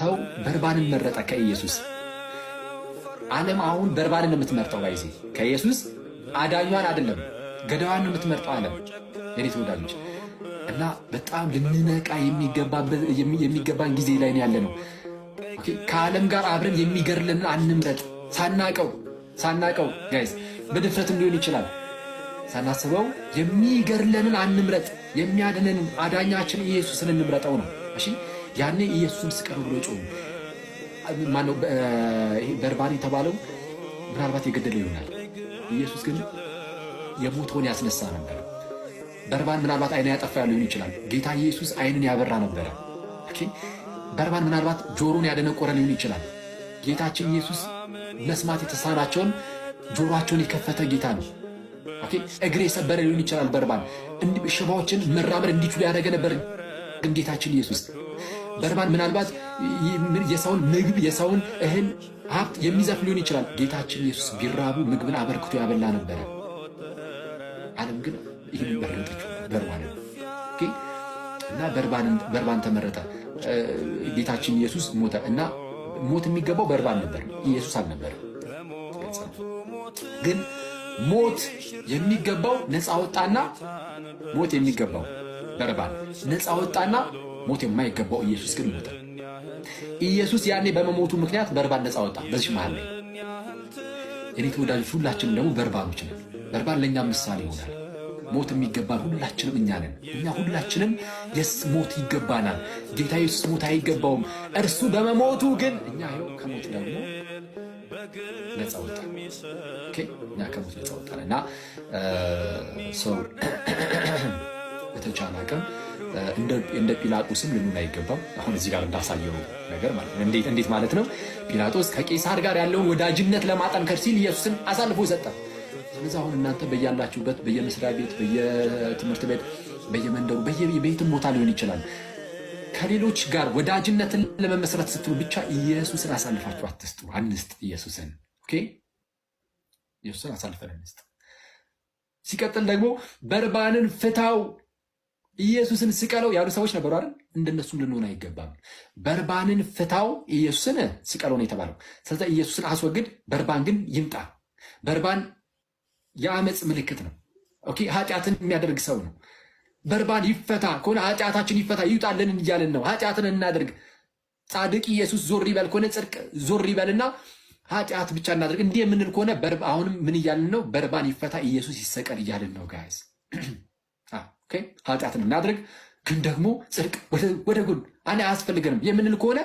ሰው በርባንን መረጠ ከኢየሱስ። ዓለም አሁን በርባንን ነው የምትመርጠው። ባይዜ ከኢየሱስ አዳኟን አይደለም ገዳዋን የምትመርጠው ዓለም። የኔ ተወዳጆች እና በጣም ልንነቃ የሚገባን ጊዜ ላይ ያለ ነው። ከዓለም ጋር አብረን የሚገርልን አንምረጥ። ሳናቀው ሳናቀው ጋይዝ በድፍረትም ሊሆን ይችላል ሳናስበው የሚገርለንን አንምረጥ። የሚያድነን አዳኛችን ኢየሱስን እንምረጠው ነው እሺ ያኔ ኢየሱስን ስቀሉ ብሎ ጮሁ። ማነው በርባሪ የተባለው? ምናልባት የገደለ ይሆናል። ኢየሱስ ግን የሞተውን ያስነሳ ነበር። በርባን ምናልባት አይን ያጠፋ ያለው ሊሆን ይችላል። ጌታ ኢየሱስ አይንን ያበራ ነበረ። በርባን ምናልባት ጆሮን ያደነቆረ ሊሆን ይችላል። ጌታችን ኢየሱስ መስማት የተሳናቸውን ጆሮቸውን የከፈተ ጌታ ነው። እግር የሰበረ ሊሆን ይችላል። በርባን ሽባዎችን መራመድ እንዲችሉ ያደረገ ነበር ጌታችን ኢየሱስ በርባን ምናልባት የሰውን ምግብ የሰውን እህል ሀብት የሚዘፍ ሊሆን ይችላል። ጌታችን ኢየሱስ ቢራቡ ምግብን አበርክቶ ያበላ ነበረ። ዓለም ግን ይህን መረጠችው በርባን እና በርባን ተመረጠ። ጌታችን ኢየሱስ ሞተ እና ሞት የሚገባው በርባን ነበር፣ ኢየሱስ አልነበረ። ግን ሞት የሚገባው ነፃ ወጣና ሞት የሚገባው በርባን ነፃ ወጣና ሞት የማይገባው ኢየሱስ ግን ሞተ። ኢየሱስ ያኔ በመሞቱ ምክንያት በርባን ነፃ ወጣ። በዚህ መሃል ላይ እኔ ተወዳጆች፣ ሁላችንም ደግሞ በርባኖች ነን። በርባን ለእኛ ምሳሌ ይሆናል። ሞት የሚገባን ሁላችንም እኛ ነን። እኛ ሁላችንም የስ ሞት ይገባናል። ጌታ ኢየሱስ ሞት አይገባውም። እርሱ በመሞቱ ግን እኛ ይኸው ከሞት ደግሞ ነፃ ወጣ። እኛ ከሞት ነፃ ወጣን እና ሰው በተቻለ አቅም እንደ ጲላጦስም ልንሆን አይገባም። አሁን እዚህ ጋር እንዳሳየው ነገር ማለት ነው። እንዴት ማለት ነው? ጲላጦስ ከቄሳር ጋር ያለውን ወዳጅነት ለማጠንከር ሲል ኢየሱስን አሳልፎ ሰጠ። ስለዚህ አሁን እናንተ በያላችሁበት በየመስሪያ ቤት፣ በየትምህርት ቤት፣ በየመንደሩ፣ በየቤትም ቦታ ሊሆን ይችላል ከሌሎች ጋር ወዳጅነትን ለመመስረት ስትሉ ብቻ ኢየሱስን አሳልፋችሁ አትስጡ። አንስጥ ኢየሱስን ኢየሱስን አሳልፈን አንስጥ። ሲቀጥል ደግሞ በርባንን ፍታው ኢየሱስን ስቀለው ያሉ ሰዎች ነበሩ አይደል? እንደነሱም ልንሆን አይገባም። በርባንን ፍታው፣ ኢየሱስን ስቀለው ነው የተባለው። ስለዚ ኢየሱስን አስወግድ፣ በርባን ግን ይምጣ። በርባን የአመፅ ምልክት ነው። ኦኬ፣ ኃጢአትን የሚያደርግ ሰው ነው። በርባን ይፈታ ከሆነ ኃጢአታችን ይፈታ ይውጣልን እያልን ነው። ኃጢአትን እናደርግ ጻድቅ ኢየሱስ ዞር ይበል ከሆነ ጽድቅ ዞር ይበልና ኃጢአት ብቻ እናደርግ እንዲህ የምንል ከሆነ አሁንም ምን እያልን ነው? በርባን ይፈታ ኢየሱስ ይሰቀል እያልን ነው ጋይስ ኃጢአትን እናድርግ፣ ግን ደግሞ ጽድቅ ወደ ጎን አያስፈልገንም የምንል ከሆነ